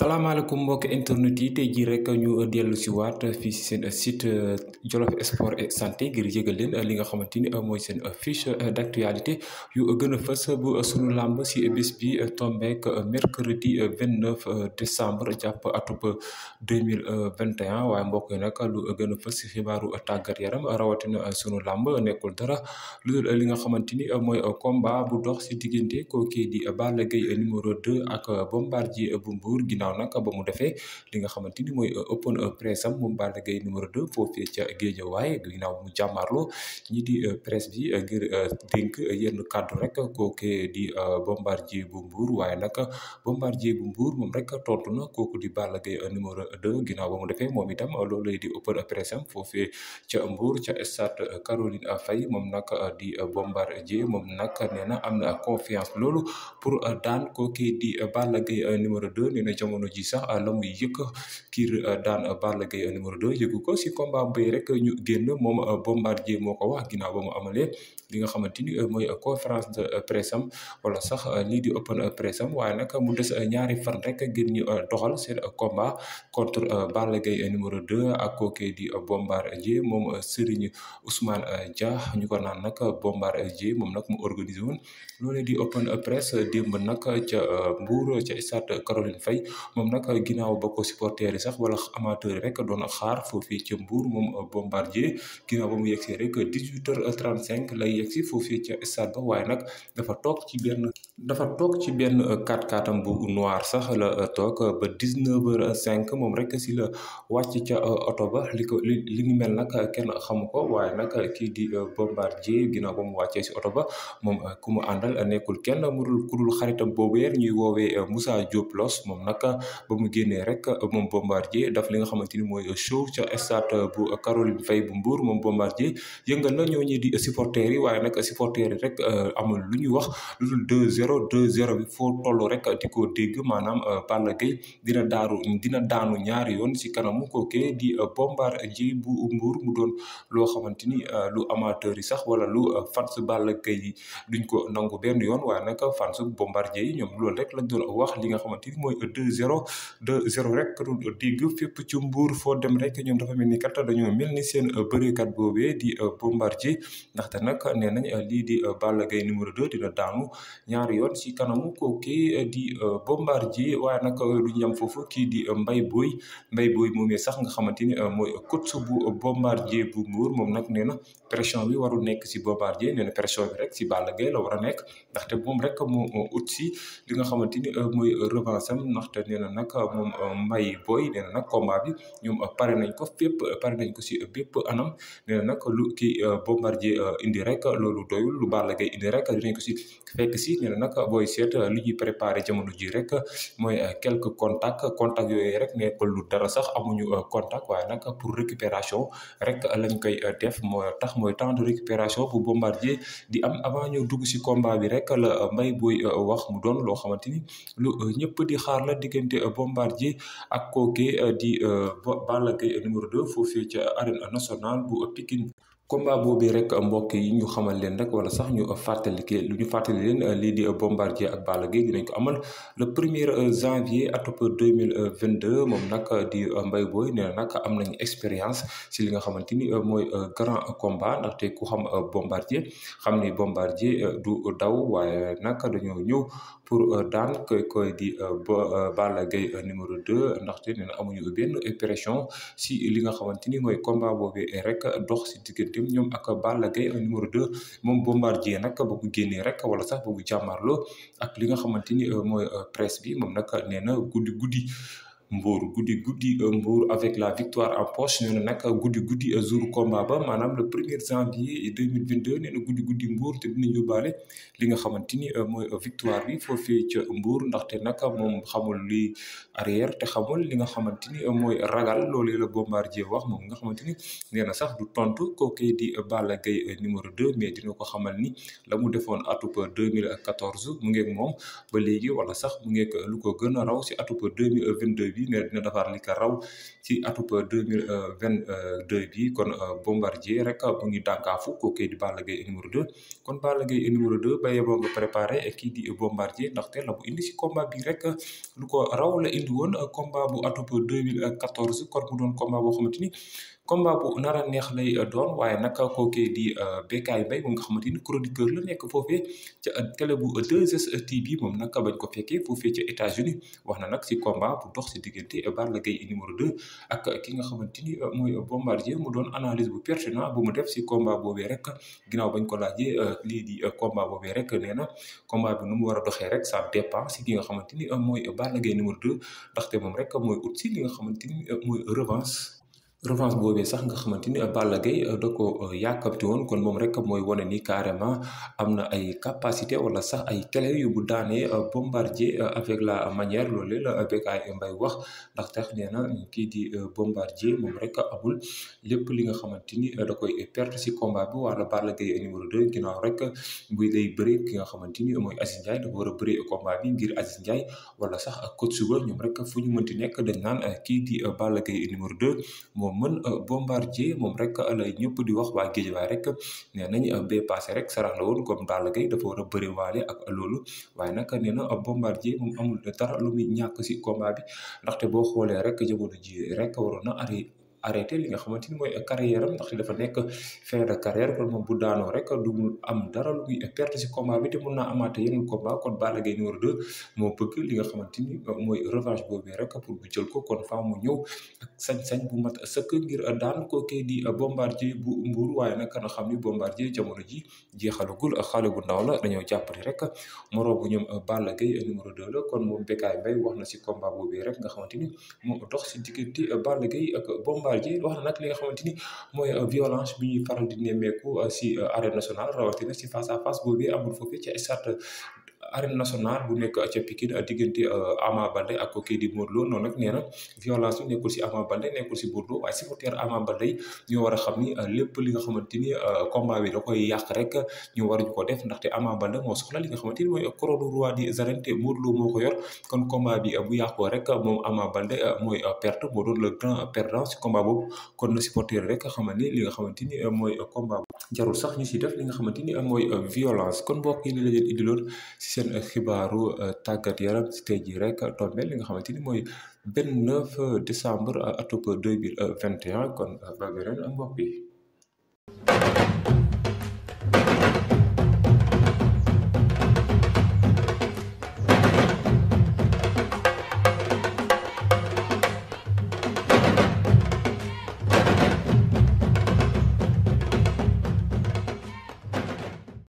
salaamaaleykum mbokk internet yi tey jii rek ñu dellu si waat fii si seen site euh, Jolof sport et santé ngir yëgal leen euh, li nga xamante ni euh, mooy seen fiche actualité yu gën a fës bu sunu làmb si bés bi tombeek mercredi 29 décembre jàpp atub 2021 waaye mbokk yi nag gën a fës si xibaaru tàggat yaram rawatina sunu làmb nekkul dara li nga xamante ni mooy combat bu dox si diggante kooku di Balla Gaye numéro 2 ak Bombardier bu Mbour ginnaaw ginnaaw nag ba mu defee li nga xamante ni mooy euh, open euh, press am moom Balla Gaye numéro 2 foofee ca Guédiawaye ginnaaw mu jàmmaarloo ñi di euh, presse bi ngir dénk yenn kàddu rek kookee di bombardier bu mbuur waaye nag bombardier bu mbuur moom rek tontu na kooku di Balla Gaye numéro 2 ginnaaw ba mu defee moom itam loolu di open press am foofee ca mbuur ca stade Caroline fay moom nag di bombardier moom nag nee na am na confiance loolu pour daan kookee di Balla Gaye numéro 2 nee na jamono ji sax ah, la muy yëkk kiir ah, daan ah, Balla Gaye numéro 2 yëgu ko si combat bay rek ñu génn moom Bombardier moo ko wax ginnaaw ba mu amalee li nga xamante ni mooy conférence de presse wala sax lii di open presse am waaye nag mu des ñaari fan rek ngir ñu doxal seen combat contre Balla Gaye numéro 2 ak kookee di Bombardier moom Serigne Ousmane Dia ñu ko naan nag Bombardier moom nag mu organisé woon loolee di open presse démb nag ca Mbour ca stade Caroline fay moom nag ginnaaw ba ko supporter sax wala amateur rek doon a xaar foofii ca Mbour moom bombardier ginnaaw ba mu yegsee rek 18h35 lay yegsi foofii ca stade waaye nag dafa toog ci benn dafa toog ci benn 4-4 am bu noir sax la toog ba 19h05 moom rek si wàcc ca oto ba li ko li li ñu mel nag kenn xamu ko waaye nag kii di bombardier ginnaaw ba mu wàccee si oto ba moom ku mu àndal nekkul kenn mu dul xaritam boobu yéen ñuy woowee Moussa Diop Los moom nag. ba mu génnee rek moom bombardier daf li nga xamante ni mooy show ca stade bu Caroline Faye bu Mbour moom bombardier yëngal na ñoo ñi di supporters yi waaye nag supporters yi rek euh, amul lu ñuy wax lu dul deux zéro bi foo toll rek di ko dégg maanaam euh, Balla Gaye dina daaru dina daanu ñaari yoon si kanamu kooke di euh, bombardier bu Mbour mu doon loo xamante ni lu amateur yi sax wala lu fans Balla yi duñ deux zéro de zéro rek ka digg fépp ci mbuur foo dem rek ñoom dafa mel ni kat dañoo mel ni seen euh, kat boobee di euh, bombardier ndaxte nag nee nañ euh, lii di Balla Gaye numéro 2 dina daanu ñaari yoon si kanamu kooki di bombardier waaye nag du ñu foofu kii di mbay booy mbay booy moomee sax nga xamante ni mooy coach bu bombardier bu mbuur moom nag nee na pression bi warul nekk si bombardier nee na pression bi rek si Balla Gaye la war a nekk ndaxte moom rek moo ut si li nga xamante ni mooy revanche ndaxte nee na uh, moom uh, Mbaye Boye nee na nag combat bi ñoom uh, pare nañ ko fépp pare nañ ko si bépp anam nee na lu kii Bombardier indi rek loolu doyul lu Balla Gaye indi rek dinañ ko si fekk si nee na nag booy seet li ñuy préparé jamono ji rek mooy quelque contacts contacts yooyu rek nekkul lu dara sax amuñu contact waaye nag pour récupération rek lañ koy def moo tax mooy temps de récupération bu Bombardier di am avant ñëw dugg si combat bi rek la Mbaye Boye wax mu doon loo xamante ni lu ñëpp di xaar la digg diggante euh, bombardier ak kooke euh, di euh, Balla Gaye numéro 2 foofee ca arène nationale bu Pikine combat boobu rek mbokk yi ñu xamal leen rek wala sax ñu fàttali ke lu ñu fàttali leen euh, lii di euh, bombardier ak Balla Gaye dinañ ko amal le premier euh, janvier atop 2022 moom nag di Mbaye Boy nee nag am nañ expérience si li nga xamante ni mooy grand combat ndaxte ku xam bombardier xam ni bombardier du daw waaye nag dañoo ñëw pour daan koy koy di Balla numéro 2 ndaxte nee na si li nga xamante ni mooy combat boobu rek dox si diggante. jëm ñoom ak Balla Gaye numéro 2 moom Bombardier nag bëgg génnee rek wala sax bëgg jàmmarloo ak li nga xamante ni euh, mooy euh, presse bi moom nag nee na guddi guddi Mbour guddi guddi euh, Mbour avec la victoire en poche nee na nag guddi guddi euh, jour combat ba maanaam le premier janvier deux mille nee na guddi guddi Mbour te dina li nga xamante ni euh, mooy victoire bi foofee ca Mbour ndaxte nag moom xamul luy arrière te xamul li nga xamante ni mooy ragal loolee la Bombardier wax moom nga xamante ni nee na sax du tontu kookee di Balla Gaye numéro deux mais dina ko xamal ni la mu defoon atub 2014 mu ngeeg moom ba léegi wala sax mu ngeeg lu ko gën a raw si atub 2022 bi. bi mais dina defar li ko raw ci atub deux mille vingt deux bi kon euh, bombardier rek mu ngi dànkaafu kooku di Balla Gaye numéro deux kon Balla Gaye numéro deux ba yeboo nga préparé kii di bombardier ndax te bu indi si combat bi rek lu ko raw la indi woon combat bu atub deux mille quatorze kon mu doon boo xamante combat bu nar a neex lay euh, doon waaye nag kookee di euh, Bécaye Mbaye moom nga xamante ni chroniqueur la nekk foofee ca euh, télé bu 2STV moom nag bañ ko fekkee foofee ca États-Unis wax na nag si combat bu dox si diggante Balla Gaye numéro 2 ak ki nga xamante ni mooy Bombardier mu doon analyse bu pertinent bu mu def si combat boobee rek ginaaw bañ ko laajee lii di combat boobee rek nee na combat bi nu mu war a doxee rek ça dépend si ki nga xamante ni mooy baa Gaye numéro 2 ndaxte moom rek mooy ut si li nga xamante ni mooy revanche. revanche boobee sax nga xamante ni Balla Gaye da ko euh, yàkkamti woon kon moom rek mooy wane ni carrément am na ay capacité wala sax ay clé yu bu daanee euh, bombardier euh, avec la manière loolu la Bécaye Mbaye wax ndax tax nee na kii di bombardier moom rek amul lépp li nga xamante ni da koy perte si combat bi wala Balla Gaye numéro 2 ginnaaw rek buy lay bëre ki nga xamante ni mooy Aziz Ndiaye dafa war a bëre combat bi ngir Aziz Ndiaye wala sax coach suba ñoom rek fu ñu mënti nekk dañ naan kii di Balla Gaye numéro 2 moo mën euh, bombardier moom rek euh, la ñëpp di wax waa Guédiawaye rek nee nañ euh, bee passé rek sarax la woon comme Balla Gaye dafa war a bëri waale ak loolu waaye nag nee na bombardier moom amul dara lu muy ñàkk si combat bi ndaxte boo xoolee rek jamono ji rek waroon na ari arrêté li nga xamante ni mooy carrière am ndaxte dafa nekk fin de carrière kon moom bu daanoo rek du am dara lu muy perte si combat bi te mun naa amaate moo bëgg li nga xamante rek pour bu jël ko kon mu ñëw ak bu sëkk ngir daan ko kay di bombardier bu mbuur waaye nag kana xam ni bombardier jamono ji jeexalagul xale bu ndaw la dañoo jàppale rek moroom bu ñoom Balla Gaye numéro 2 kon moom Bécaye Mbaye wax na si combat boobu rek nga xamante ni moo faral wax na nag li nga xamante ni mooy euh, violence bi ñuy faral di nemmeeku euh, si euh, arène nationale rawatina si face à face boobu amul foofee ci stade arène nationale bu nekk ca Pikine euh, diggante euh, Ama Baldé ak kii di Modou Lô noonu nag violence nekkul si Ama Baldé yi ñoo war a xam ni euh, lépp li nga xamante ni combat bi da koy yàq rek ñu waruñu ko def ndaxte Ama Baldé moo soxla li nga xamante ni mooy couronne roi des arènes te Modou moo ko yor kon combat bi bu yàqoo rek moom Ama Baldé mooy perte moo la le grand perdant si combat boobu kon na supporter rek xamal ni li nga xamante ni mooy combat jarul sax ñu si def li nga xamante ni mooy euh, violence kon mbokk yi li la indiloon si seen euh, xibaaru euh, tàggat yaram si tey jii rek tombé li nga xamante ni mooy benn 9 décembre atop 2021 kon ba beneen mbokk yi.